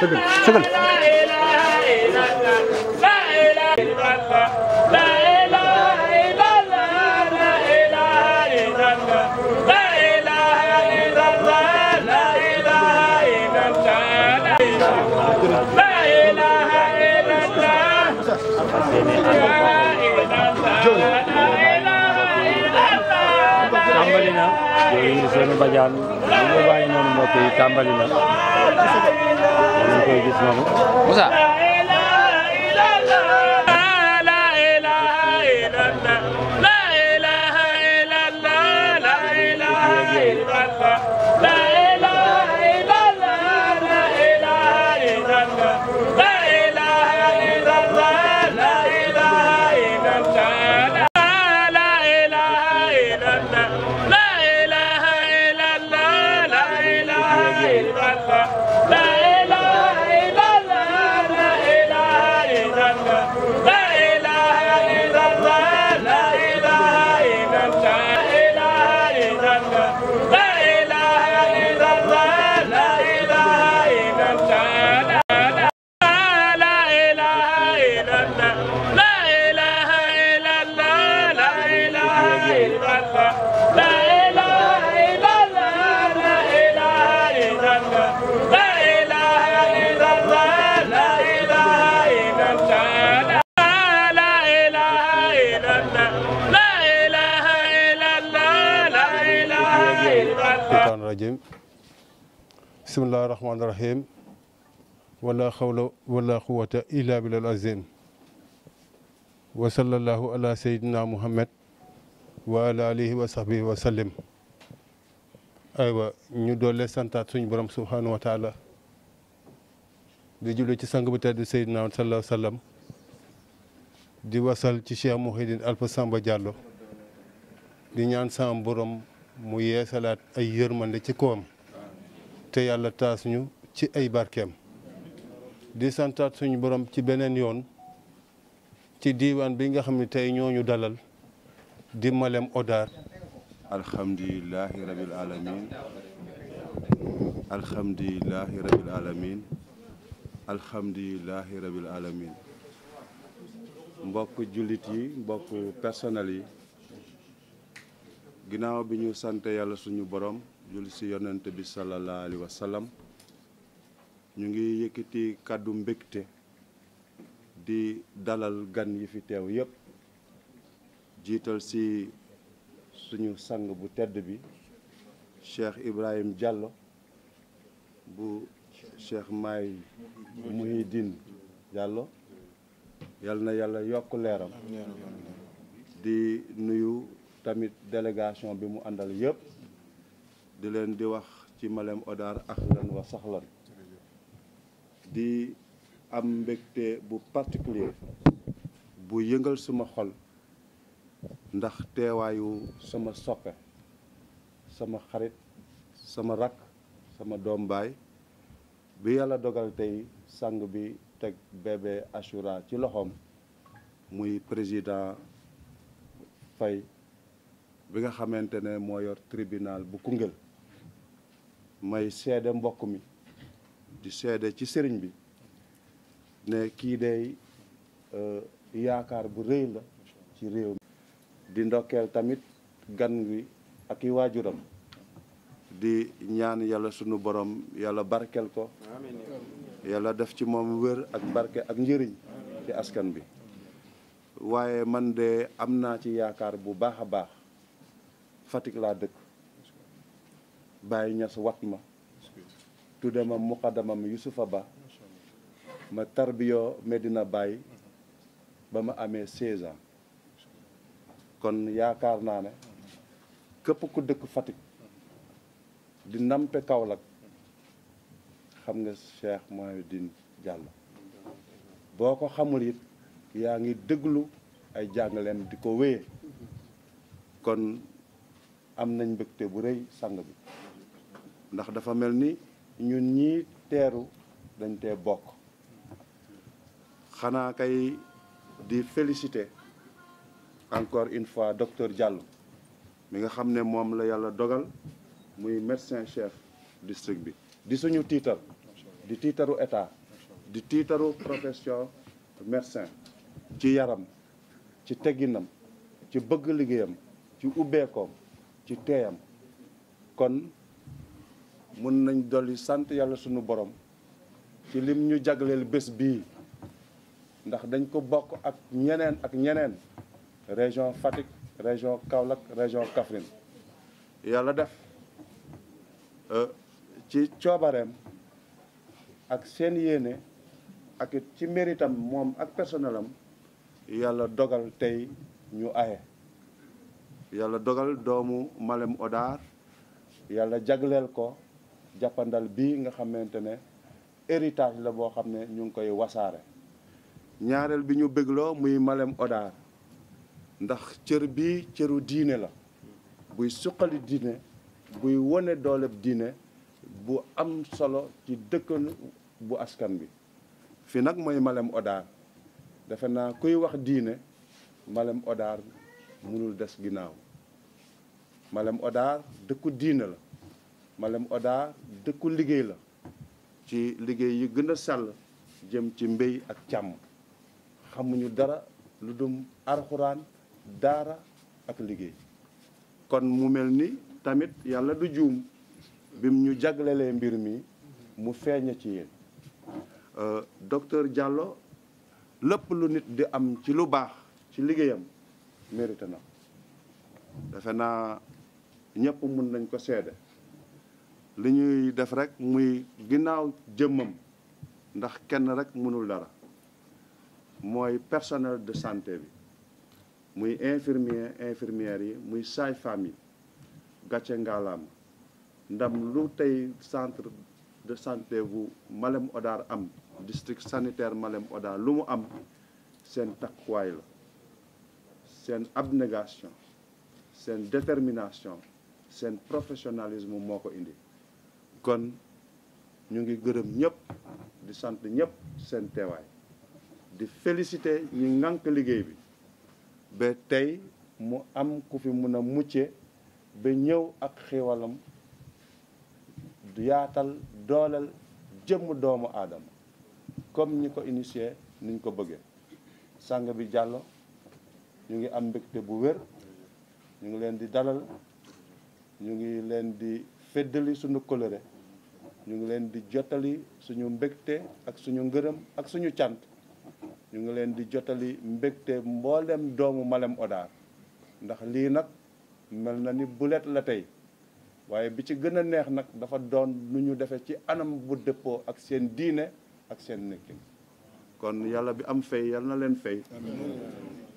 这个这个 Idrissa Sène Badiane li nga bàyyi noonu mbokk yi tàmbali na. ñu koy gis noonu Moussa. الرحيم ولا حول ولا قوة إلا بالله العظيم وصلى الله على سيدنا محمد وعلى آله وصحبه وسلم aywa ñu doole santaat suñu borom subhanahu wa taala di julli ci sang bu tedd Seydina sallallahu alayhi wa di wasal ci Cheikh Mouhidine Alpha Samba Diallo di ñaan sama borom mu yeesalaat ay yërmande ci kawam te yàlla taas ñu ci ay barkeem di santaat suñu borom ci beneen yoon ci diiwaan bi nga xam ne tey ñooñu dalal di Malem Hodar alhamdulilahi rabil alamin alhamdulilahi rabil alamin alhamdulilahi rabil alamin mbokk jullit yi mbokk personnel yi ginnaaw bi ñu sant yàlla suñu borom julli si yonent bi sallallahu alayhi wa ñu ngi yëkkati kaddu mbégte di dalal gan yi fi teew yépp jiital si suñu sang bu tedd bi cheikh ibrahim diallo bu cheikh may muhiddin diallo yal na yalla yokk leeram di nuyu tamit délégation bi mu andal yépp di leen di wax ci malem odar lan wa di am mbégte bu particulier bu yëngal suma xol ndax teewaayu sama soppe sama xarit sama rakk sama doom baay bi yàlla dogal tey sang bi teg bébé Achoura ci loxoom muy président Faye bi nga xamante ne moo yor tribunal bu Koungheul may seede mbokk mi di seede ci sëriñ bi ne kii day euh, yaakaar bu rëy la ci réew mi di ndokkeel tamit gan wi ak i waajuram di ñaan yàlla sunu borom yàlla barkeel ko yàlla def ci moom wër ak barke ak njëriñ ci askan bi waaye man de am naa ci yaakaar bu baax a baax Fatick laa dëkk Baye Niass wat ma tuddamam muqaddamam yusufa Ba ma tarbiyo Medina bay bama amé 16 ans kon Yakarnane, naa ne képp ku dëkk fatik di nampé kaolak xam nga Cheikh Mouhidine Diallo boko xamul yit yaangi ngi ay diko wé kon am nañ mbégte bu reuy sang bi ndax dafa melni ñun ñi teeru dañ té bok xana kay di féliciter encore une fois docteur Diallo mi nga xamné mom la yalla dogal muy médecin chef district bi di suñu titre di tiitaru état di tiitaru profession médecin ci yaram ci tegginam ci bëgg liggéeyam ci ko ci téyam kon mën nañ doli sante yalla sunu borom ci lim ñu jagleel bés bi ndax dañ ko bok ak ñeneen ak ñeneen région Fatick région Kaolack région Kaffrine yalla def euh, ci ciobarem ak seen yene ak ci méritam mom ak personnelam yalla dogal tay ñu aye yalla dogal doomu Malem Odar yalla jagleel ko jàppandal bii nga xamante ne héritage la boo xam ne ñu ngi koy wasaare ñaareel bi ñu bégloo muy Malem Hodar ndax cër bi cëru diine la buy suqali diine buy wone dooleb diine bu am solo ci dëkkan bu askan bi fi nag mooy Malem Hodar defe naa kuy wax diine Malem Hodar mënul des ginnaaw Malem Hodar dëkku diine la Malem Hodar dëkku liggéey la ci liggéey yi gën a sell jëm ci mbéy ak càmm xamuñu dara lu dum arxuraan daara ak liggéey kon mu mel ni tamit yàlla du juum bim ñu jaglelee mbir mi mu feeña ci yéen euh, docteur jàllo lépp lu nit di am ci lu baax ci liggéeyam mérite na defe naa ñëpp mun nañ ko seede li ñuy def rek muy ginnaaw jëmmam ndax kenn rek mënul dara mooy personnel de santé bi muy infirmier infirmière yi muy saay femme yi gàcce ndam lu tey centre de santé bu Malem odar am district sanitaire Malem odar lu mu am seen takkuwaay la seen abnégation seen détermination seen professionnalisme moo indi kon ñu ngi gërëm ñëpp di sant ñëpp seen teewaay di félicité ñi ngànk liggéey bi ba tey mu am ku fi mun a mucce ba ñëw ak xéwalam yaatal dooleel jëmm doomu aadama comme ñi ko initié niñ ko bëggee sàng bi jàllo ñu ngi am mbégte bu wér ñu ngi leen di dalal ñu ngi leen di feddali sunu coloré ñu ngi leen di jotali suñu mbégte ak suñu ngërëm ak suñu cant ñu ngi leen di jotali mbégte mboolem doomu Malem Hodar ndax lii nag mel na ni bulet la tey waaye bi ci gën a neex nag dafa doon nu ñu defee ci anam bu dëppoo ak seen diine ak seen nekkin kon yàlla bi am fay yal na leen fay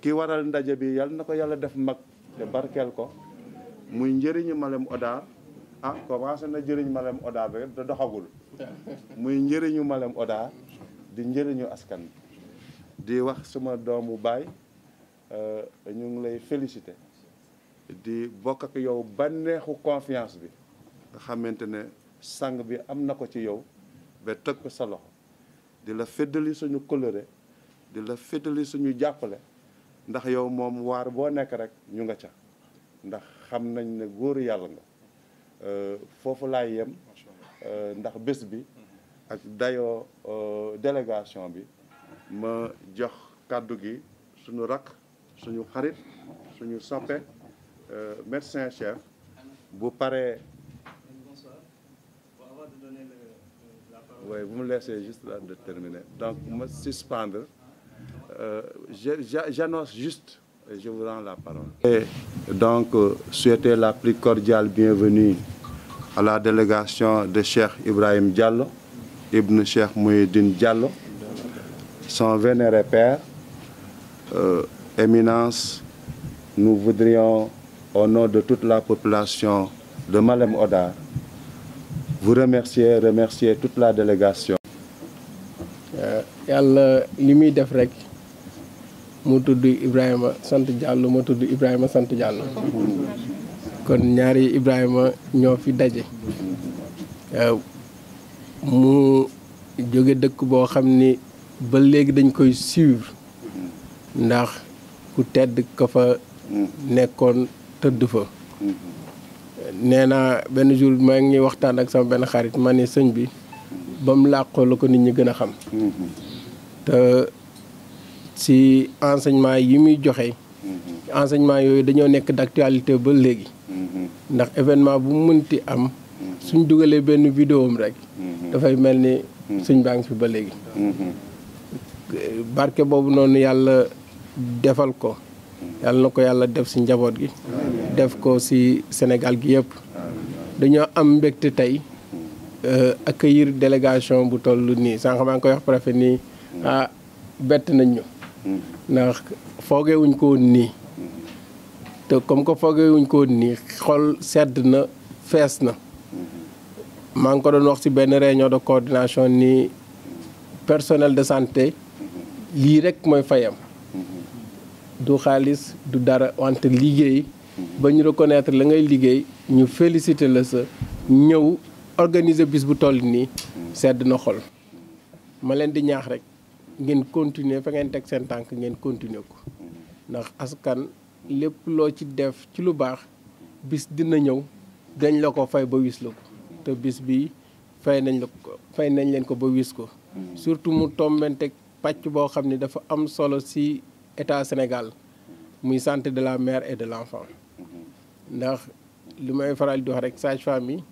ki waral ndaje bi yal na ko yàlla def mag te barkeel ko muy njëriñu Malem Hodar ah commencé na jëriñ Malem odaa ba da doxagul muy njëriñu Malem Oda di njëriñu askan bi di wax suma doomu baay euh, ñu ngi lay félicité di bokk yow yow neexu confiance bi nga xamante ne sang bi am na ko ci yow ba teg ko sa loxo di la féddali suñu coloré di la féddali suñu jàppale ndax yow moom waar boo nekk rek ñu nga ca ndax xam nañ ne góor yàlla nga Euh, foofu laay yem euh, ndax bés bi ak dayoo euh, délégation bi ma jox M. gi suñu rakk suñu xarit suñu saint médecin chef bu oui vous me laissez juste là de terminer donc me suspendre j'annonce juste je vous rends la parole. Et donc, euh, souhaiter la plus cordiale bienvenue à la délégation de Cheikh Ibrahim Diallo, Ibn Cheikh Mouhidine Diallo, son vénéré père, euh, éminence, nous voudrions, au nom de toute la population de Malem Oda, vous remercier, remercier toute la délégation. Euh, mu tudd Ibrahima sant Diallo ma tudd Ibrahima sant Diallo kon ñaari Ibrahima ñoo fi daje euh, mu jóge dëkk boo xam ni ba léegi dañ koy suivre ndax ku tedd ko fa nekkoon tëdd fa nee naa benn jour maa ngi waxtaan ak sama benn xarit ma ne sëñ bi ba mu làqoo la ko nit ñi gën a xam mm-hmm. te si enseignement yi muy joxe. Mhm. enseignement yooyu dañoo nekk d'actualité ba léegi. Mhm. ndax événement bu mënti am. Mhm. suñ dugalee benn vidéo am rek. dafay mel ni suñ baa ngi ba léegi. barke boobu noonu yàlla defal ko. yàlla na ko yàlla def si njaboot gi. def ko si Sénégal gi yëpp. dañoo am mbégte tey. Euh, accueillir délégation bu toll nii sànq maa ngi koy wax préfet nii ah bett nañ ñu. ndax foogewuñ ko nii te comme que foogewuñ ko woon nii xol sedd na fees na maa ngi ko doon wax ci benn réunion de coordination nii personnel de santé lii rek mooy fayam du xaalis du dara wante liggéey ba ñu reconnaître la ngay liggéey ñu féliciter la sa ñëw organiser bis bu toll nii sedd na xol ma leen di ñaax rek ngeen continuer fa ngeen teg seen tànk ngeen continuer ko ndax askan lépp loo ci def ci lu baax bis dina ñëw dañ la ko fay ba wis la ko te bis bi fay nañ la ko fay nañ leen ko ba wis ko surtout mu tombenteeg pàcc boo xam ne dafa am solo si état Sénégal muy santé de la mère et de l'enfant ndax li may faral di wax rek sage-femme yi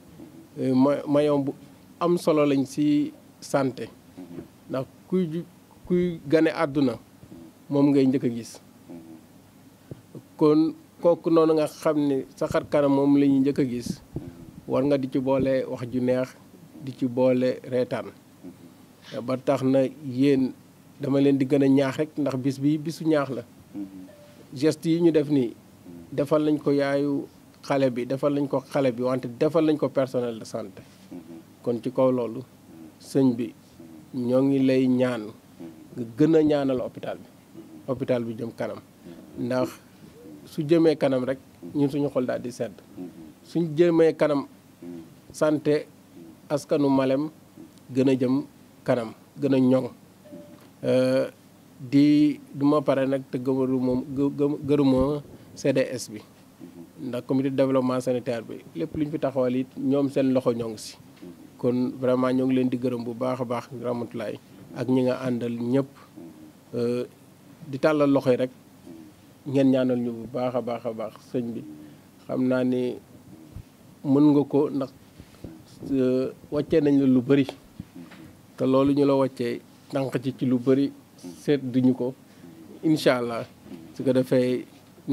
euh, ma mayoom bu am solo lañ si santé ndax kuy kuy gane àdduna moom ngay njëkk a gis kon kooku noonu nga xam ne sa xar kanam moom lañuy ñuy njëkk a gis war nga di ci boole wax ju neex di ci boole reetaan ba tax na yéen dama leen di gën a ñaax rek ndax bis bi bisu ñaax la geste yi ñu def nii defal nañ ko yaayu xale bi defal nañ ko xale bi wante defal nañ ko personnel de santé kon ci kaw loolu sëñ bi ñoo ngi lay ñaan gëna ñaanal hôpital bi hôpital bi jëm kanam ndax su jëmee kanam rek ñun suñu xol daal di sedd suñ jëmee kanam santé askanu Malem gëna jëm kanam gëna ñong euh di duma paré nak nag te gëmaru moom gëruma CDS bi ndax comité de développement sanitaire bi lepp lu fi taxawal it ñom seen loxo ñong si kon vraiment ñu ngi leen di gërëm bu baax a baax Ramatoulaye ak ñi nga àndal ñëpp euh, di tàllal loxoy rek ngeen ñaanal ñu bu baax a baax a baax sëñ bi xam ni mën nga ko ndax euh, wàccee nañ la lu bëri te loolu ñu la wàccee tànq ci ci lu bëri seet duñu ko incha allah su ko defee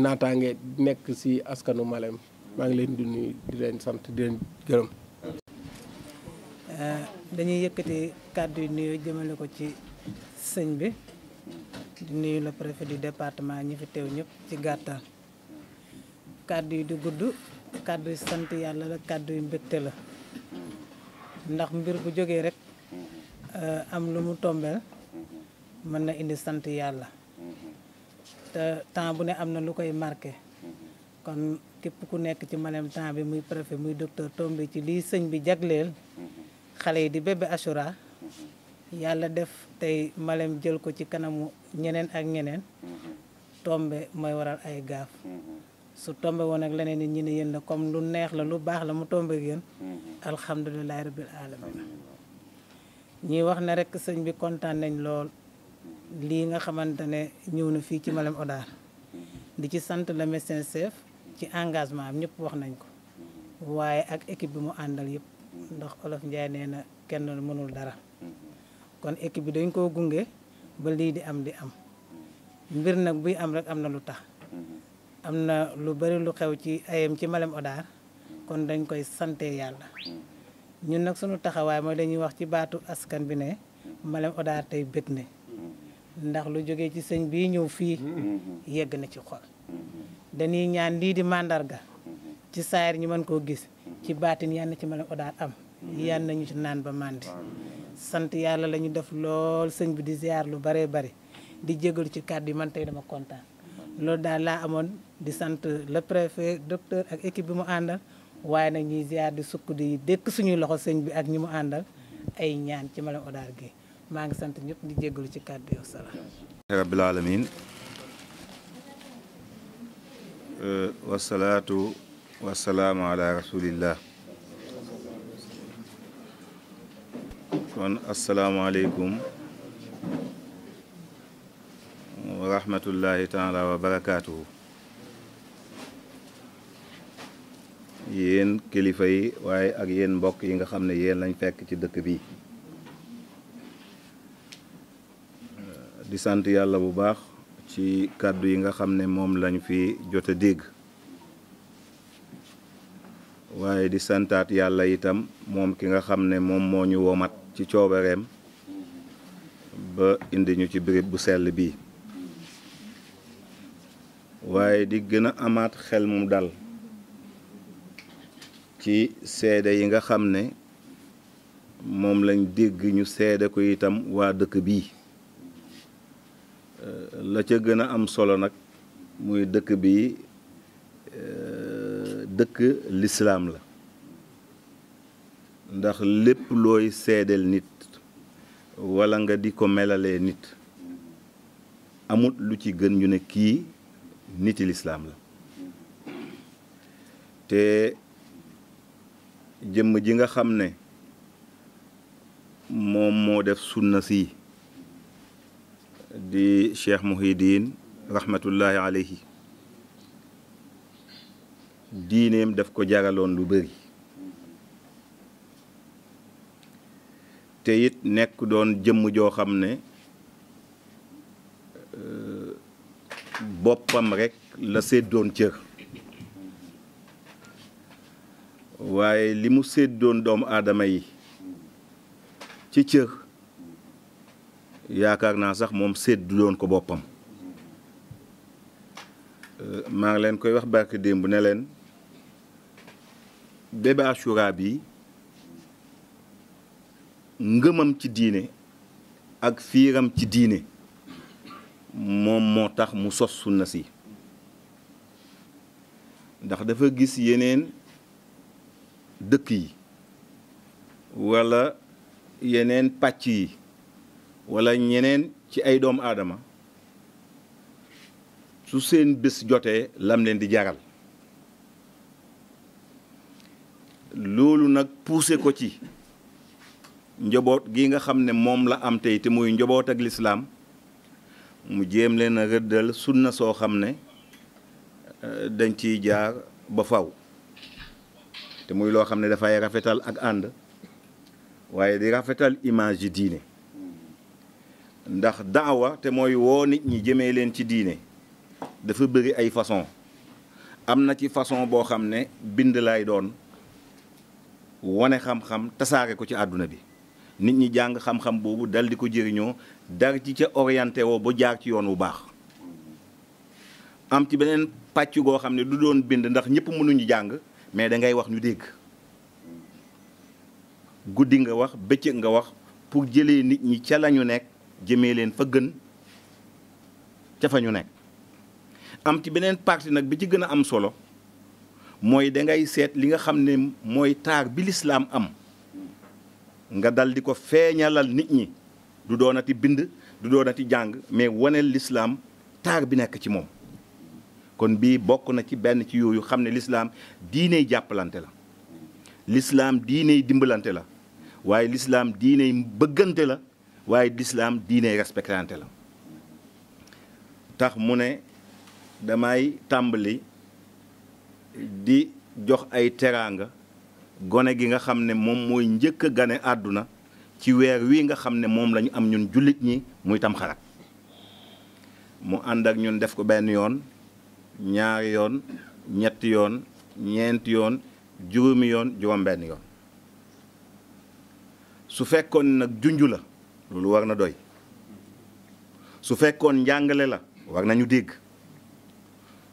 naataange nekk si askanu Malem maa ngi leen di nuyu di leen sant di leen gërëm. Eh, dañuy yëkëti kàddu yu nuyu jëmale ko ci sëñ bi di nuyu le préfet du département ñi fi tew ñëpp ci gàttal kàddu yi du gudd kàddu yu sant yàlla la kàddu yu mbégte la ndax mbir bu jógee rek eh, am lu mu tombeel mën na indi sant yàlla te temps bu ne am na lu koy marqué kon képp ku nekk ci malem temps bi muy préfet muy docteur tombé ci lii sëñ bi jagleel xale yi di bébé assura yàlla def tey Malem jël ko ci kanamu ñeneen ak ñeneen tombe mooy waral ay gaaf su tombe woon ak leneen nit ñi ne yéen la comme lu neex la lu baax la mu tombe ak yéen alhamdulilahi rabbil alamin ñuy wax na rek sëñ bi kontaan nañ lool lii nga xamante ne ñëw na fii ci Malem Hodar di ci sant le médecin chef ci engagement am ñëpp wax nañ ko waaye ak équipe bi mu àndal yëpp ndax olof njaay neena na kenn mënul dara kon équipe bi dañ ko gunge ba lii di am di am mbir nag buy am rek am na lu tax am na lu bari lu xew ci ayam ci Malem odar kon dañ koy santé yàlla ñun nag sunu taxawaay mooy dañuy wax ci baatu askan bi ne Malem odar tey bég ne ndax lu jógee ci sëñ bii ñëw fii yegg na ci xol dañuy ñaan lii di màndarga ci saayir ñu mën koo gis ci baatin yal na ci ma leen odaat am yal nañu ci naan ba màndi sant yàlla la def lool sëñ bi di ziar lu bare bare di jégalu ci kàddu yi man tey dama kontaan loolu daal laa amoon di sant le préfet docteur ak équipe bi mu àndal waaye nag ñuy ziar di sukk di dëkk suñuy loxo sëñ bi ak ñi mu àndal ay ñaan ci mala odaar gi maa ngi sant ñëpp di jégalu ci kàddu yi wasalaam والسلام على رسول الله kon asalaamaaleykum wa rahmatullahi taala wa barakaatuhu yéen kilifa yi waaye ak yéen mbokk yi nga xam ne yéen lañ fekk ci dëkk bi di sant yàlla bu baax ci kàddu yi nga xam ne moom lañ fi jot a dégg waaye di santaat yàlla itam moom ki nga xam ne moom moo ñu womat ci coobareem ba indi ñu ci béréb bu sell bii waaye di gën a amaat xel mu dal ci seede yi nga xam ne moom lañ dégg ñu seede ko itam waa dëkk bii euh, la ca gën a am solo nag muy dëkk bii euh, dëkk lislaam la ndax lépp looy seedeel nit wala nga di ko melalee nit amut lu ci gën ñu ne kii niti lislaam la te jëmm ji nga xam ne moom moo def sunna si di cheikh muhidin rahmatullahi alayhi diineem daf ko jaraloon lu bari te it nekk doon jëmm joo xam ne euh, boppam rekk la seddoon cër waaye li mu séddoon doomu aadama yi ci cër yaakaar naa sax moom séddu doon ko boppam euh, maa ngi leen koy wax barki démb ne leen bébé Achoura bi ngëmam ci diine ak fiiram ci diine moom moo tax mu sos sunna si ndax dafa gis yeneen dëkk yi wala yeneen pàcc yi wala ñeneen ci ay doomu aadama su seen bés jotee lam leen di jaral loolu nag poussé ko ci njaboot gi nga xam ne moom la am tey te muy njaboot ak lislaam mu jéem leen a rëddal sunna soo xam ne euh, dañ ciy jaar ba faw te muy loo xam ne dafay rafetal ak ànd waaye di rafetal image yi diine ndax daawa te mooy woo nit ñi jëmee leen ci diine dafa bëri ay façon am na ci façon boo xam ne bind lay doon wane xam-xam tasaare ko ci àdduna bi nit ñi jàng xam-xam boobu dal di ko jëriñoo dar ci ca orienté woo bu jaar ci yoon wu baax am ci beneen pàcc goo xam ne du doon bind ndax ñëpp mënuñu jàng mais da ngay wax ñu dégg guddi nga wax bëccëg nga wax pour jëlee nit ñi ca lañu nekk jëmee leen fa gën ca fa ñu nekk am ci beneen parti nag bi ci gën a am solo mooy dangay seet li nga xam ne mooy taar bi lislaam am nga daldi ko feeñalal nit ñi du doonati bind du doonati jàng mais waneel lislaam taar bi nekk ci moom kon bii bokk na ci benn ci yooyu xam ne lislaam diiney jàppalante la lislaam diiney dimbalante la waaye lislaam diiney bëggante la waaye lislaam diiney respectante la tax mu ne damay tàmbali di jox ay teraanga gone gi nga xam ne moom mooy njëkk a gane àdduna ci weer wii nga xam ne moom lañu am ñun jullit ñi muy tamxarak mu ànd ak ñun def ko benn yoon ñaar yoon ñett yoon ñeenti yoon juróomi yoon juróom-benn yoon su fekkoon nag junju la loolu war na doy su fekkoon njàngale la war nañu dégg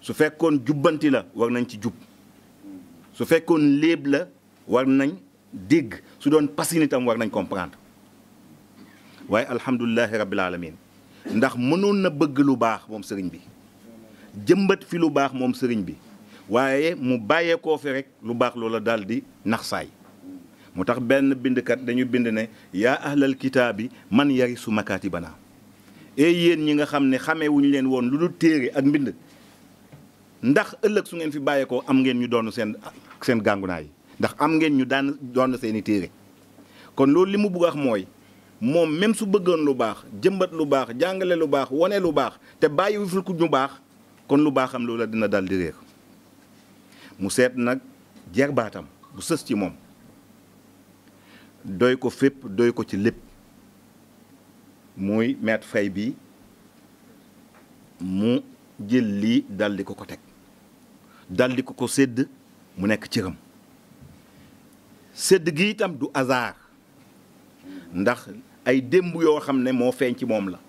su fekkoon jubbanti la war nañ ci jub su fekkoon léeb la war nañ dégg su doon pasini tam war nañ comprendre waaye alhamdulilahi rabbil alamin ndax mënoon na bëgg lu baax moom sëriñ bi jëmbat fi lu baax moom sëriñ bi waaye mu bàyyeekoo fi rek lu baax loola daal di nax saay mu tax benn bindkat dañu bind ne yaa ahlal kitaabi man yari su makaati banaa ee yéen ñi nga xam ne xamee leen woon lu dul téere ak mbind ndax ëllëg su ngeen fi bàyyeekoo am ngeen ñu doon seen seen gàngunaay ndax am ngeen ñu daan doon seen i téere kon loolu li mu bëgg a mooy moom même su bëggoon lu baax jëmbat lu baax jàngale lu baax wane lu baax te bàyyi wu fi ñu baax kon lu baaxam la dina dal di réer mu seet nag jerbaatam bu sës ci moom doy ko fépp doy ko ci lépp muy maître fay bi mu jël lii daldi ko ko teg daldi ko ko sédd mu nekk cëram sedd gi itam du hasard ndax ay démb yoo xam ne moo feeñ ci moom la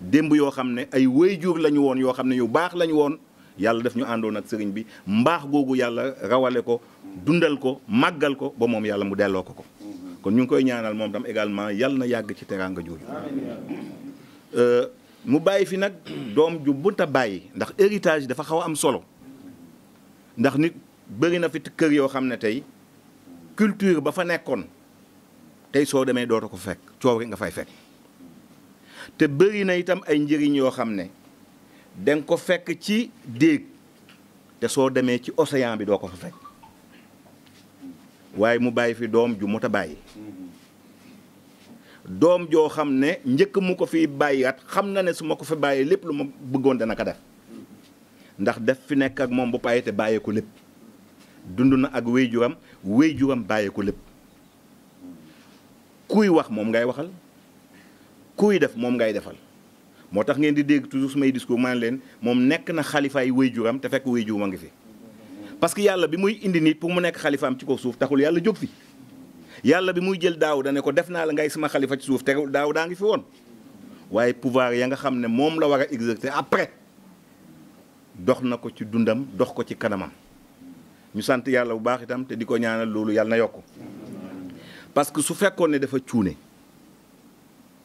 démb yoo xam ne ay wéyjur lañu woon yoo xam ne yu baax lañu woon yàlla def ñu àndoon ak sëriñ bi mbaax googu yàlla rawale ko dundal ko màggal ko ba moom yàlla mu delloo ko ko kon ñu ngi koy ñaanal moom tam également yàlla na yàgg ci teraanga jooju euh, mu bàyyi fi nag doom ju bunta bàyyi ndax héritage dafa xaw a am solo ndax nit bëri na fi kër yoo xam ne tey culture ba fa nekkoon tey soo demee dootu ko fekk coow rek nga fay fekk te bëri na itam ay njëriñ yoo xam ne danga ko fekk ci déeg te soo demee ci océan bi doo ko fa fekk waaye mu bàyyi fi doom ju mot a bàyyi doom joo xam ne njëkk mu ko fi at xam na ne su ma ko fi bàyyi lépp lu ma bëggoon dana ko def ndax def fi nekk ak moom ba pare te bàyyee lépp dund na ak wéyjuram wéyjuram bàyyee ko lépp kuy wax moom ngay waxal kuy def moom ngay defal moo tax ngeen di dégg toujours su may discours maa leen moom nekk na xalifaay wéyjuram te fekk wéyjuram a ngi fi. parce que yàlla bi muy indi nii pour mu nekk xalifaam ci ko suuf taxul yàlla jóg fi yàlla bi muy jël daaw da ne ko def naa la ngay sama xalifa ci suuf te daaw daa ngi fi woon waaye pouvoir ya nga xam ne moom la war a exercer après. dox na ko ci dundam dox ko ci kanamam ñu sant yàlla bu baax itam te di ko ñaanal loolu yàlla na yokk parce que su fekkoon ne dafa cuune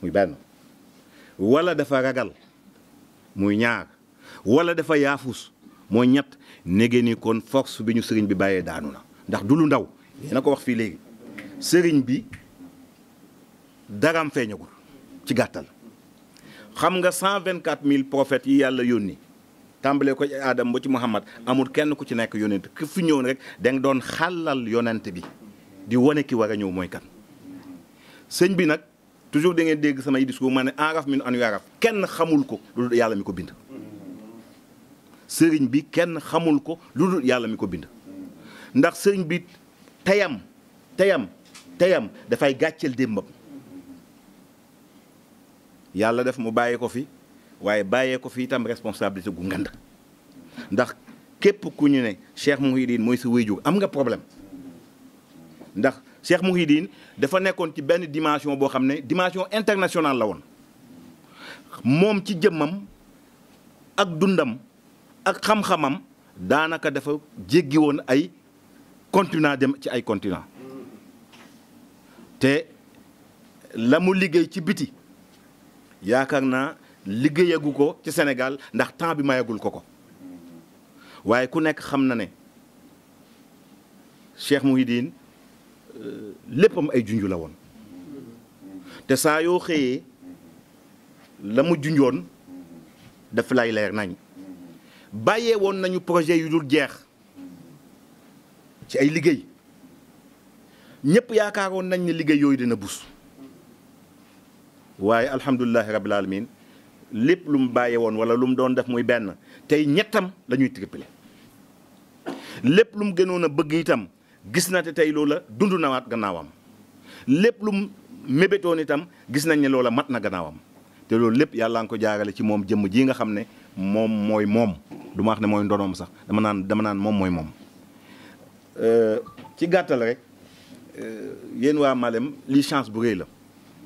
muy benn walla dafa ragal muy ñaar wala dafa yaafus mooy ñett nege ni kon bi ñu sëriñ bi bàyyee daanu na ndax du lu ndaw yéena ko wax fii léegi sëriñ bi daram feeñagul ci gàttal xam nga 124 mille prophètes yi yàlla yónni tàmbalee ko ci aadam ci muhammad amul kenn ku ci nekk yonent ku fi ñëw rek da nga doon xàllal yonent bi di wane ki war a ñëw mooy kan sëñ bi nag toujours da ngeen dégg samay discours ma ne araf min anu yaraf kenn xamul ko lu dul yàlla mi ko bind sëriñ bi kenn xamul ko lu dul yàlla mi ko bind ndax sëriñ bi teyam teyam teyam dafay gàcceel démbam yàlla def mu bàyyi ko fi waaye bàyyee ko fii tam responsabilité gu ngand ndax képp ku ñu ne Cheikh Mouhidine mooy sa wéyjur am nga problème ndax Cheikh Mouhidine dafa nekkoon ci benn dimension boo xam ne dimension internationale la woon moom ci jëmmam ak dundam ak xam-xamam daanaka dafa jéggi woon ay continent dem ci ay continent te la mu liggéey ci biti yaakaar naa liggéeyagu ko ci senegal ndax temps bi mayagul ko ko waaye ku nekk xam na ne Cheikh Mouhidine euh, léppam ay junju la woon te saa yoo xëyee la mu junjoon daf lay leer nañ bàyyee woon nañu projet yu dul jeex ci ay liggéey ñëpp yaakaaroon nañ ne liggéey yooyu dina bus waaye alhamdulillah rabbil alamin lépp lu mu bàyyi woon wala lu mu doon def muy benn tey ñettam la ñuy triplé lépp lu mu gënoon a bëgg itam gis na te tey loola dund na waat gannaawam lépp lu mu mébétoon itam gis nañ ne loola mat na gannaawam te loolu lépp yàlla nga ko jaarale ci moom jëmm ji nga xam ne moom mooy moom du ma wax ne mooy ndonoom sax dama naan dama naan moom mooy moom. ci gàttal rek euh, yéen waa Malem lii chance bu rëy la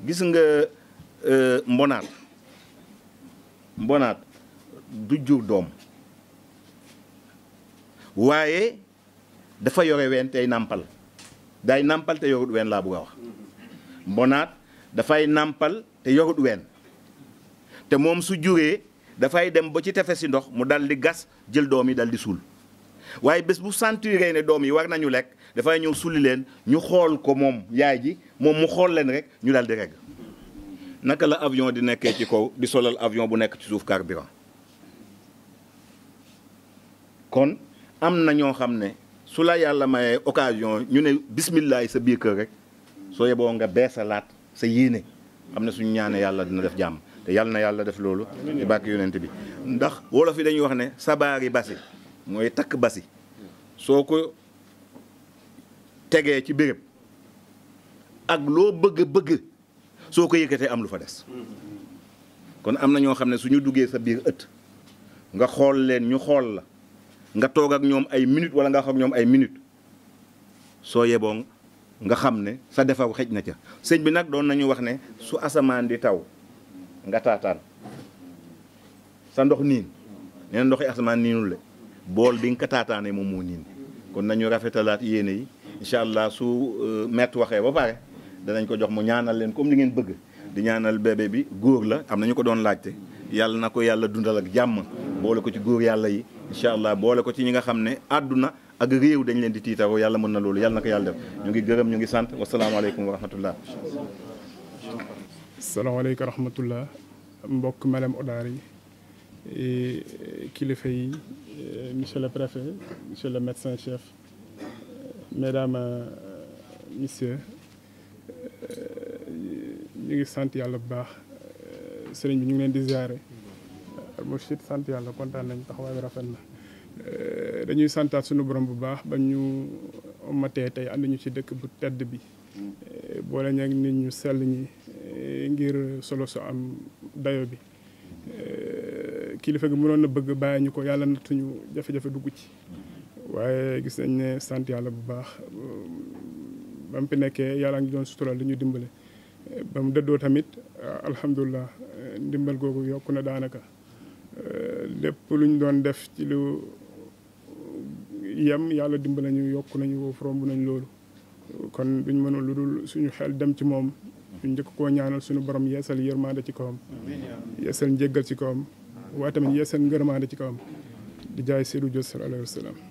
gis nga euh, mbonaat. mbonaat du jur doom waaye dafa yore ween tey nàmpal day nampal te yorut ween laa bëgg a wax mbonaat dafay nàmpal te yorut ween te mom su juree dafay dem ba ci tefes si ndox mu daldi gas jël domi daldi sul di suul bu sentiree né domi war nañu lekk dafay ñew sulli leen ñu xol ko mom yaay ji mom mu xol leen rek ñu daldi di naka la avion di nekkee ci kaw di solal avion bu nekk ci suuf carburant kon am na ñoo xam ne su la yàlla mayee occasion ñu ne bisimilah sa biir kër rek soo yeboo nga beesalaat sa laat sa yéene xam ne suñu ñaane yàlla dina def jàmm te yàlla na yàlla def loolu ci bàkk yonent bi ndax wolof yi dañuy wax ne sabaari basi mooy takk basi soo ko tegee ci béréb ak loo bëgg-bëgg soo ko yëkkatee am lu fa des kon am na ñoo xam ne suñu duggee sa biir ëtt nga xool leen ñu xool la nga toog ak ñoom ay minute wala nga wax ak ñoom ay minute soo yeboon nga xam ne sa defaw xej na ca sëñ bi nag doon nañu wax ne su asamaan di taw nga taataan sa ndox niin nee na ndoxi asamaan niinul le bool bi nga ko taataanee moom moo niin kon ñu rafetalaat yéene yi incha allah su euh, mett waxee ba pare danañ ko jox mu ñaanal leen comme li ngeen bëgg di ñaanal bébé bi góor la am na ñu ko doon laajte yàlla na ko yàlla dundal ak jàmm boole ko ci góor yàlla yi incha allah boole ko ci ñi nga xam ne àdduna ak réew dañ leen di tiitaroo yàlla mën na loolu yàlla na ko yàlla def ñu ngi gërëm ñu ngi sant wasalaamaaleykum wa rahmatullah salaamaaleykum wa rahmatullah mbokk Malem Hodar yi kilifa yi monsieur le préfet monsieur le médecin chef mesdames monsieur Euh, ñu ngi sant yàlla bu baax euh, sëriñ bi ñu ngi leen di ziare euh, Mourchid sant yàlla kontaan nañ tax bi rafet na dañuy santaat suñu borom bu baax ba ñu matee tey ànd ñu ci dëkk bu tedd bi boole ñu ak nit ñu sell ñi ngir solo su am dayo bi kilifa gi mënoon na bëgg bàyyi ñu ko yàlla nattuñu jafe-jafe dugg ci waaye gis nañ ne sant yàlla bu baax ba mu fi nekkee yàlla ngi doon sutural di ñu dimbale ba mu dëddoo tamit euh, alhamdulilah ndimbal googu yokk na daanaka euh, lépp lu ñu doon def ci lu yem yàlla dimbal nañu yokk nañu foofu romb nañ loolu kon duñ mënul lu dul suñu xel dem ci moom ñu njëkk koo ñaanal suñu borom yeesal yërmaande ci kawam yeesal njéggal ci kawam waaye tamit yeesal ngërmaande ci kawam di jaay Seydou Diop sallallahu alayhi wa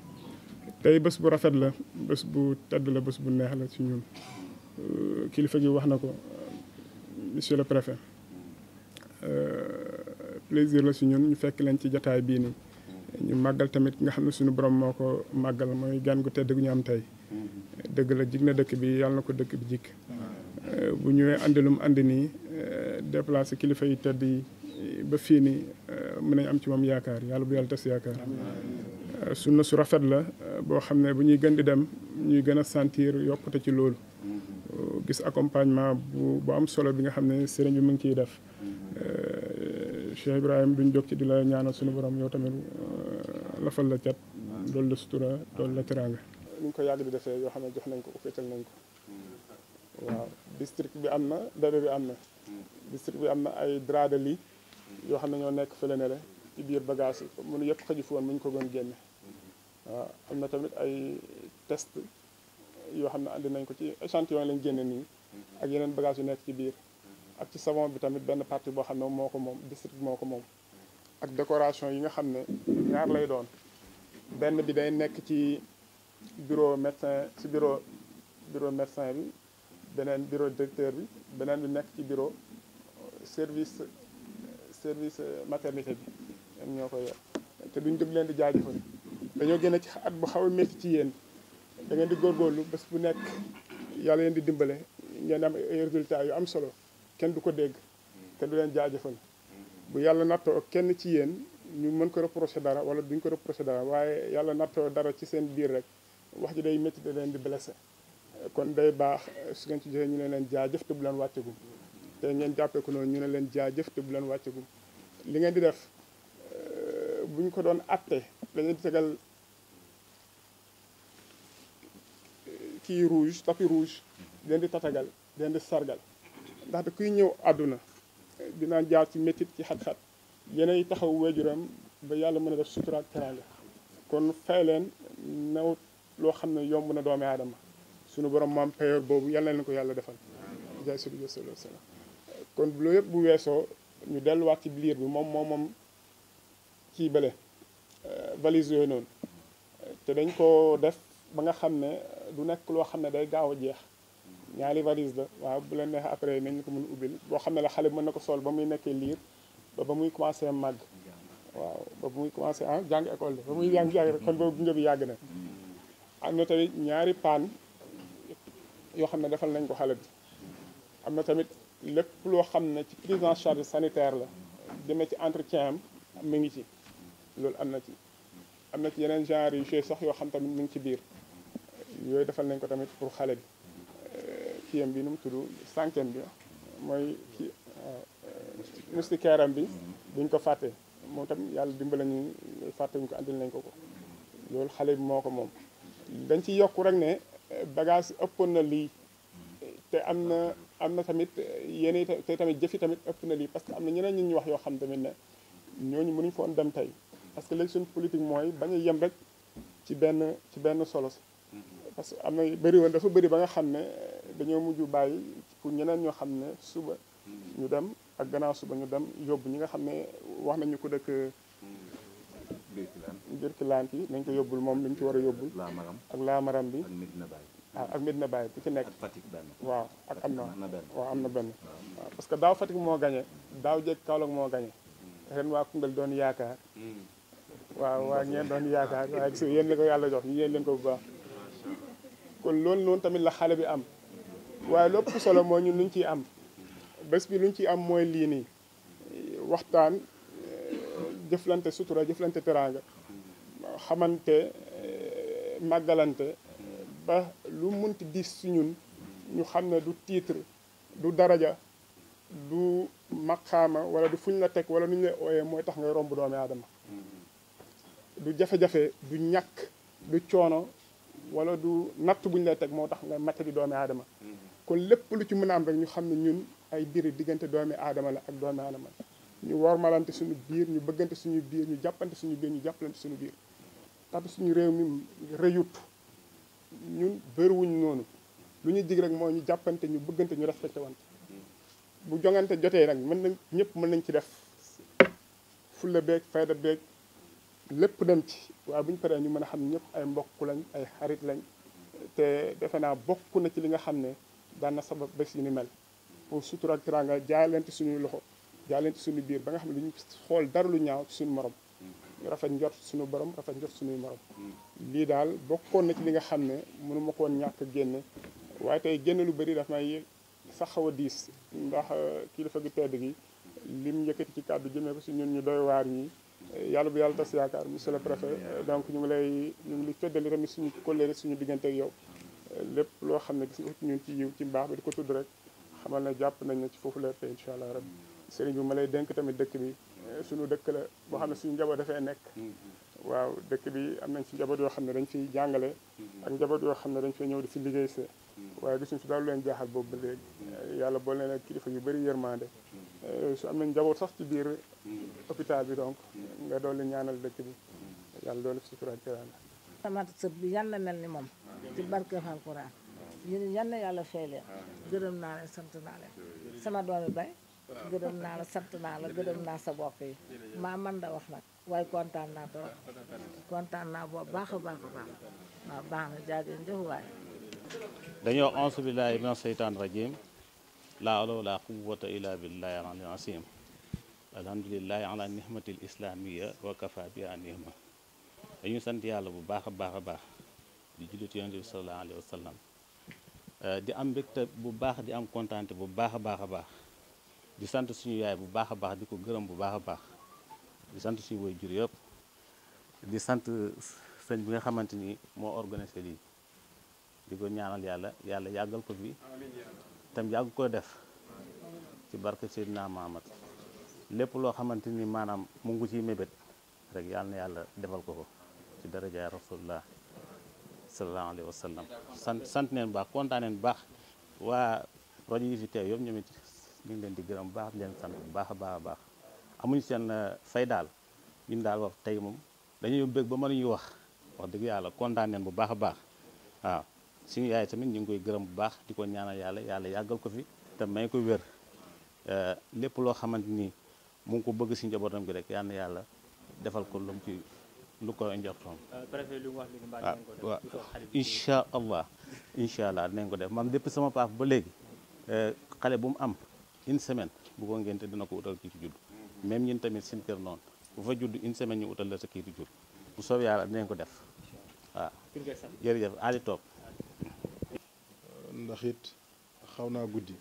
tey bés bu rafet la bés bu tedd la bés bu neex la ci ñun euh, kilifa gi wax na ko monsieur le préfet euh, plaisir la ci ñun ñu fekk leen ci jataay bii ni ñu màggal tamit nga xam ne suñu borom moo ko màggal mooy gan gu tedd gu ñu am tey dëgg la jig na dëkk bi yàlla na ko dëkk bi jik euh, bu ñëwee andi lu mu andi nii déplacé kilifa yi tedd yi ba fii nii mën nañ am ci moom yaakaar yàlla bu yàlla tas yaakaar Euh, sunna su rafet la euh, boo xam ne bu ñuy gën di dem ñuy gën a sentir yokkute ci loolu euh, gis accompagnement bu bu am solo bi nga xam ne sëriñ bi mu ngi ciy def Cheikh Ibrahima duñ jóg ci di la ñaanal suñu borom yow tamit lafal la cat loolu la sutura loolu la teraanga ni ñu ko yàgg di defee yoo xam ne jox nañ ko uffeetal nañ ko waaw district bi am na dara bi am na district bi am na ay drap de lit yoo xam ne ñoo nekk fële ne ci biir bagage yi mënu yëpp xëju woon mu ko gën génne am na tamit ay test yoo xam ne andi nañ ko ci échantillon lañ génne nii ak yeneen bagage yu nekk ci biir ak ci savon bi tamit benn partie boo xam ne moo ko moom district moo ko moom ak décoration yi nga xam ne ñaar lay doon benn bi day nekk ci bureau médecin ci bureau bureau médecin bi beneen bureau directeur bi beneen bi nekk ci bureau service service maternité bi ñoom ñoo ko yor te du ñu jóg leen di jaajëfal dañoo génne ci at bu xaw a ci yéen da ngeen di góorgóorlu bés bu nekk yàlla leen di dimbale ngeen am ay yu am solo kenn du ko dégg te du leen jaajëfal bu yàlla nattoo kenn ci yéen ñu mën ko reproché dara wala duñ ko reproché dara waaye yàlla nattoo dara ci seen biir rek wax ji day métti da leen di blessé kon day baax su ngeen ci joxee ñu ne leen jaajëf te bu leen wàccegum te ngeen jàppee ko noonu ñu ne leen jaajëf te bu leen wàccegum li ngeen di def bu ñu ko doon atte dañu tegal eh, kii rouge tapis rouge di tatagal leen di sargal ndaxte kuy ñëw àdduna eh, dina jaar ci métit ci xat-xat yeneen taxaw waajuram ba yàlla mën a def suturaat teraanga kon fay leen new loo xam ne yomb na doomi aadama sunu borom maam payoor boobu yàlla leen ko yàlla defal kon loolu yëpp bu weesoo ñu delluwaat ci bi moom moom moom kii valise yooyu noonu te dañ ko def ba nga xam ne du nekk loo xam ne day gaaw a jeex ñaari valise la waaw bu leen neex après nañ ko mën ubbil boo xam ne la xale mën na ko sol ba muy nekkee liir ba ba muy commencé màgg waaw ba ba muy commencé ah jàng école de ba muy jàng jàng kon boobu gunge bi yàgg na am na tamit ñaari paan yoo xam ne defal nañ ko xale bi am na tamit lépp loo xam ne ci prise en charge sanitaire la demee ci entretien am mi ngi ci loolu am na ci am na ci yeneen genre yu ci sax yoo xam tamit mu ngi ci biir yooyu defal nañ ko tamit pour xale bi kiyam bi nu mu tudd cinquième bi mooy ki moustiquaire am bi duñ ko fàtte moom tam yàlla dimbale ñu fàtte ñu ko andil nañ ko ko loolu xale bi moo ko moom dañ ci yokk rek ne bagage ëppoon na lii te am na am na tamit yeneen te tamit jëfi tamit ëpp na lii parce que am na ñeneen ñu ñu wax yoo xam tamit ne ñooñu mënuñ foon dem tey parce que l'élection politique moy baña a yem rek ci ben ci ben solo mm-hmm. parce que amna bari won dafa bari ba nga xam dañu muju mujj pour ñeneen ño xam suba mm-hmm. ñu dem ak gannaaw suba ñu dem yobbu ñi nga xam wax nañu ko dëkk mm-hmm. Birkilaan yi nañ ko yobul mom li mu ci war a yóbbul ak maram bi ak Medina bay ah, ku ci nekk waaw ak am na waaw am na benn waaw parce que daw fatik mo gañe daw jek Kaolack mo gañe ren wa kumbel don yaakaar waaw waaw ngeen doon yaakaar waaye gis yéen la ko yàlla jox ñu yéen leen ko bu baax kon loolu noonu tamit la xale bi am waaye lépp solo mooy ñun luñ ciy am bés bi luñ ciy am mooy lii nii waxtaan jëflante sutura jëflante teraanga xamante màggalante ba lu munti diis si ñun ñu xam ne du tiitre du daraja du maqaama wala du fuñ la teg wala nuñ la ooyee mooy tax ngay romb doomi aadama du jafe-jafe du ñàkk du coono wala du natt bu ñu lay teg moo tax nga matt di doomi aadama mm-hmm. kon lépp lu ci mën a am rek ñu xam ne ñun ay biri diggante doomi aadama la ak doomi aadama ñu wormalante suñu biir ñu bëggante suñu biir ñu jàppante suñu biir ñu jàppalante suñu biir tax suñu réew mi rëyut ñun bëriwuñ noonu lu ñu jig rek moo ñu jàppante ñu bëggante ñu respecté mm-hmm. bu jongante jotee nag mën nañ ñëpp mën nañ ci def fulla beeg fayda beeg lépp dem ci waaye bu ñu paree ñu mën a xam ñëpp ay mbokk lañ ay xarit lañ te defe naa bokk na ci li nga xam ne daan na sabab bés si ni mel pour sutura ak teraanga jaalante suñuy loxo jaalante suñu biir ba nga xam ne duñu xool dara lu ñaaw ci suñu morom mm-hmm. rafet njot suñu borom rafet njort suñuy morom mm-hmm. lii daal bokkoon na ci li nga xam ne mënuma ma koon ñàkk génne waaye tey génne lu bëri daf may sax xaw a diis ndax kilifa gi tedd gi lim yëkkati ci kàddu jëmee ko si ñun ñu doy waar ñi yàlla bu yàlla tas yaakaar monsieur le préfet donc ñu ngi lay ñu ngi lay feddali tamit suñu collègue suñu diggante ak yow lépp loo xam ne gis nga ngi ci yiw ci mbaax bi di ko tudd rek xamal na jàpp nañ ne ci foofu la tey allah rabbi sëriñ bi ma lay dénk tamit dëkk bi suñu dëkk la boo xam ne suñu njaboot dafay nekk waaw dëkk bi am nañ ci njaboot yoo xam ne dañ fiy jàngale ak njaboot yoo xam ne dañ fay ñëw di fi liggéey waaye gisuñ si daal leen jaaxal boobu ba léegi yàlla boole leen ak kilifa yu bëri yërmande su am nañ njaboot sax ci biir hôpital bi donc nga dolli ñaanal dëkk bi yàlla dolli sutura ak sama sët bi yal na ni moom ci barke alquran yàlla fay leen gërëm naa leen sant naa leen sama doomi bay gërëm naa la sant naa la gërëm naa sa maa man da wax nag waaye kontaan naa trop kontaan naa boobu baax a baax a baax na jaageen jëf dañoo ansu billahi mina seytaan rajim laa hawla wala quwwata illa billahi al الحمد لله على النعمة الإسلامية وكفى بها النعمة أي سنت يا الله بباخ باخ باخ دي جلوت ينزل صلى الله عليه وسلم آه، دي أم بكت بباخ دي أم كونتانت بباخ باخ باخ دي سنت سنو يا بباخ باخ دي كو بباخ باخ دي سنت سنو وي جريب دي سنت سنو بغي خمانتني مو أرغنسي لي دي كو نعمل يا الله يا الله يا قلق بي تم يا قلق دف تبارك سيدنا محمد lépp loo xamante ni maanaam mu ngi ciy mébét rek yàlla na yàlla defal ko ko ci daraja ya rasulullah sallallahu alayhi wa sant sant neen baax kontaan neen baax waa rajo yi fi teew yëpp ñoom it ñu ngi leen di gërëm baax leen sant bu baax a baax a baax amuñ seen euh, fay daal ñun daal wax tey moom dañuy bëgg ba ma mënuñu wax wax dëgg yàlla kontaan neen bu baax a baax waaw suñu yaay tamit ñu ngi koy gërëm bu baax di ko ñaanal yàlla yàlla yàggal ko fi te may ko wér euh, lépp loo xamante ni mu ngi ko bëgg si njabootam gi rek yal na yàlla defal ko lu mu ci lu ko njortoom. préfet lu mu wax léegi mbaa ah, allah incha allah dinañ ko def man depuis sama paaf ba léegi eh, xale bu mu am une semaine bu ko ngénte dina ko utal kii ci judd. même ñun tamit seen kër noonu bu fa judd une semaine ñu utal la sa kii ci judd bu soobee yàlla dinañ ko def waaw. jërëjëf Ali toog. ndax it xaw naa guddi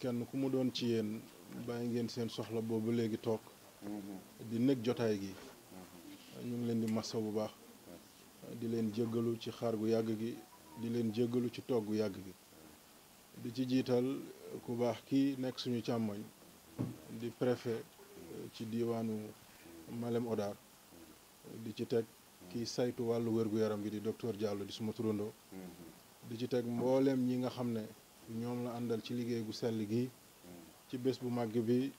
kenn ku mu doon ci yéen. bàyyi ngeen seen soxla boobu léegi toog mm-hmm. di nekk jotaay gi mm-hmm. ñu ngi leen di massa bu baax di leen jéggalu ci xaar gu yàgg gi di leen jéggalu ci toog gu yàgg gi di ci jiital ku baax ki nekk suñu càmmooñ di préfet euh, ci diiwaanu Malem Odar di ci teg kii saytu wàllu wér-gu-yaram gi di docteur Diallo di suma turandoo mm-hmm. di ci teg mbooleem ñi nga xam ne ñoom la àndal ci liggéey gu sell gi ci bés bu màgg bi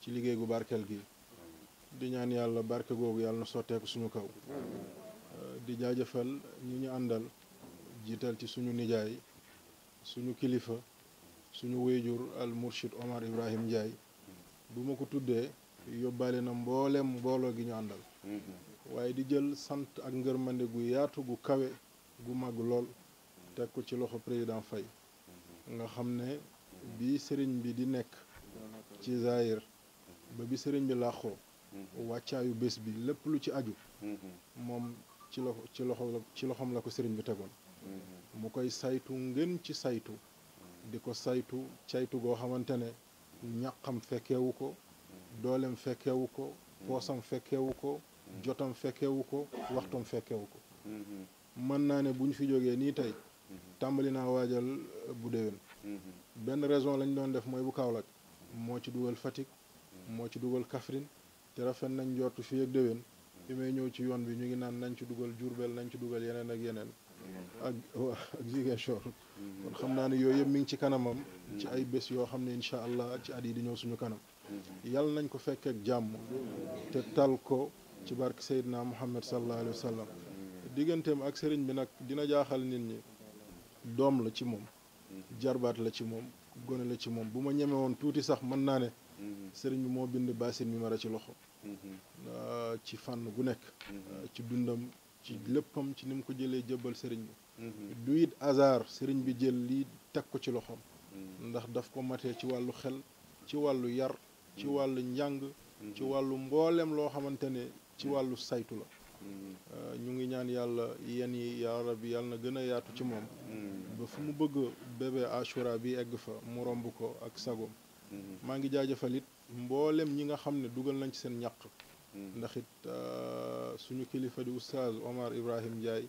ci liggéey gu barkeel gi di ñaan yàlla barke googu yàlla na sotteeku suñu kaw euh, di jaajëfal ñi ñu àndal jiital ci suñu nijaay suñu kilifa suñu wéyjur al murshid Omar Ibrahim Ndiaye bu ma ko tuddee yóbbaale na mbooleem mbooloo gi ñu àndal waaye di jël sant ak ngërmande gu yaatu gu kawe gu mag lool teg ko ci loxo président fay nga xam ne bi sëriñ bi di nekk ci zaïr ba bi sëriñ bi làqoo mhm. wàccaayu bés bi lépp lu ci aju mhm. moom ci la ci loxo ci loxam la ko sëriñ bi tegoon mhm. mu koy saytu ngën ci saytu di ko saytu caytu goo xamante ne ñaqam fekkeewu ko dooleem fekkeewu ko poosam fekkeewu ko jotam fekkeewu ko waxtam fekkeewu ko mën naa ne bu ñu fi jógee nii tey tàmbali naa waajal euh, bu déwén benn raison lañ doon def mooy bu Kaolack moo ci dugal Fatick moo ci dugal Kaffrine te rafet nañ njortu fi ak déwén bi may ñëw ci yoon bi ñu ngi naan nañ ci dugal jurbel nañ ci dugal yeneen ak yeneen ak ak Ziguinchor kon xam naa ne yooyu yëpp mi ngi ci kanamam ci ay bés yoo xam ne incha allah ci at yi di ñëw suñu kanam yàlla nañ ko fekk ak jàmm te tal ko ci barke Seydina Muhammad sallallahu alayhi wa sallam digganteem ak sëriñ bi nag dina jaaxal nit ñi doom la ci moom jarbaat la ci moom gone la ci moom bu ma ñeme woon tuuti sax mën naa ne mhm. sëriñ bi moo bind baasin mi ci loxo mhm. ah, ci fànn gu nekk mhm. ah, ci dundam ci léppam ci ni mu ko jëlee jëbbal sëriñ bi du it hasard sëriñ bi jël lii teg ko ci loxoom ndax daf ko matee ci wàllu xel ci wàllu yar ci wàllu njàng ci wàllu mbooleem loo xamante ne ci wàllu saytu la Euh, ñu ngi ñaan yàlla yenn yi yaa rabbi yàlla na gën a yaatu ci moom mm-hmm. ba fu mu bëgg bébé Achoura bi egg fa mu romb ko ak sagoom mm-hmm. maa ngi jaajëfal it mbooleem ñi nga xam ne dugal nañ ci seen ñàq mm-hmm. ndax it euh, suñu kilifa di oustaz Omar Ibrahim Ndiaye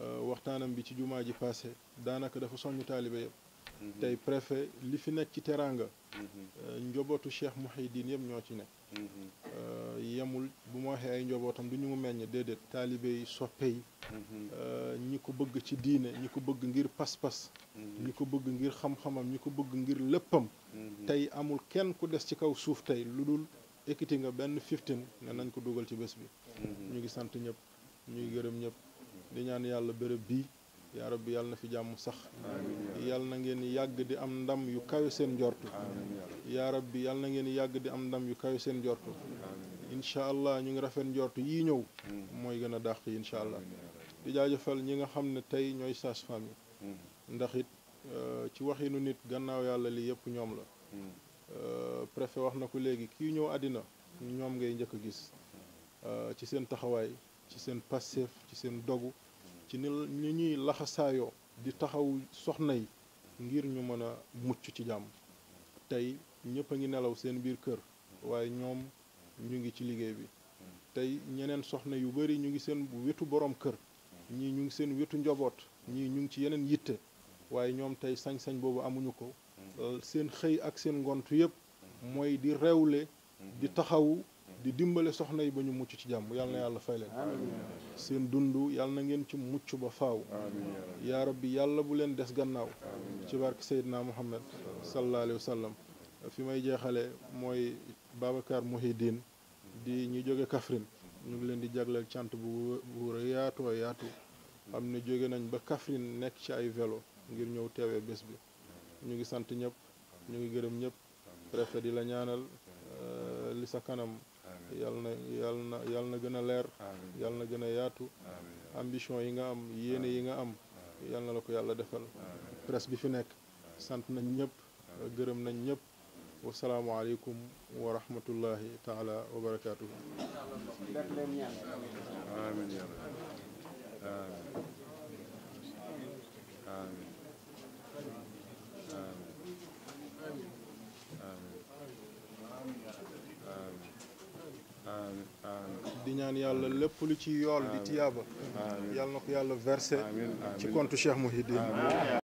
euh, waxtaanam bi ci jumaa ji passé daanaka dafa soññu taalibe yëpp Mhm. tey préfet li fi nekk ci teraanga. Mhm. Euh, njobootu Cheikh Mouhidine yëpp ñoo ci nekk. Mhm. Euh, yemul bu ma waxee ay njobootam du ñu mu meññ déedéet taalibe yi soppe yi. Euh, ñi ko bëgg ci diine ñi ko bëgg ngir pas-pas. ñi ko bëgg ngir xam-xamam ñi ko bëgg ngir léppam. tey amul kenn ku des ci kaw suuf tey lu dul ekkiti nga benn fifteen ne nañ ko dugal ci bés bi. ñu ngi sant ñëpp ñuy ngi gërëm ñëpp di ñaan yàlla béréb bii. yaa rabbi yàlla na fi jàmm sax yàlla na ngeen yàgg di am ndam yu kawe seen njortu yaa bi yàlla na ngeen yàgg di am ndam yu kawe seen njortu incha allah ñu ngi rafet njortu yi ñëw mooy gën a dàq yi incha allah di jaajëfal ñi nga xam ne tey ñooy sage-femme yi ndax it euh, ci waxinu nit gannaaw yàlla lii yëpp ñoom la euh, préfet wax na ko léegi kii ñëw àddina ñoom ngay njëkk a gis euh, ci seen taxawaay ci seen passeef ci seen dogu ci ni ni ñuy laxasaayoo di taxaw soxna yi ngir ñu mën a mucc ci jàmm tey ñëpp a ngi nelaw seen biir kër waaye ñoom ñu ngi ci liggéey bi tey ñeneen soxna yu bari ñu ngi seen wetu borom kër ñi ñu ngi seen wetu njaboot ñi ñu ngi ci yeneen yitte waaye ñoom tey sañ-sañ boobu amuñu ko mm. seen xëy ak seen ngont yépp mooy di rewle di taxawu di dimbale soxna yi ba ñu mucc ci jàmm yàlla na yàlla fay leen seen dund yàlla na ngeen ci mucc ba faw yaa bi yàlla bu leen des gannaaw ci barke Seydina Muhammad sallallahu alayhi fi may jeexale mooy Babacar Mouhidine di ñu jóge Kaffrine ñu ngi leen di jagleel cant bu bu yaatu a yaatu xam ne jóge nañ ba Kaffrine nekk ci ay velo ngir ñëw teewe bés bi ñu ngi sant ñëpp ñu ngi gërëm ñëpp préfet di la ñaanal euh, li sa kanam yal na yal na na gën a leer yal na gën a yaatu ambition yi nga am yéene yi nga am yal na la ko yàlla defal presse bi fi nekk sant nañ ñëpp gërëm nañ ñëpp wasalaamualeykum wa rahmatullahi taala wa barakaatu. di yàlla lépp lu ci yool di tiyaaba yàlla na ko yàlla versé ci compte Cheikh Mouhidine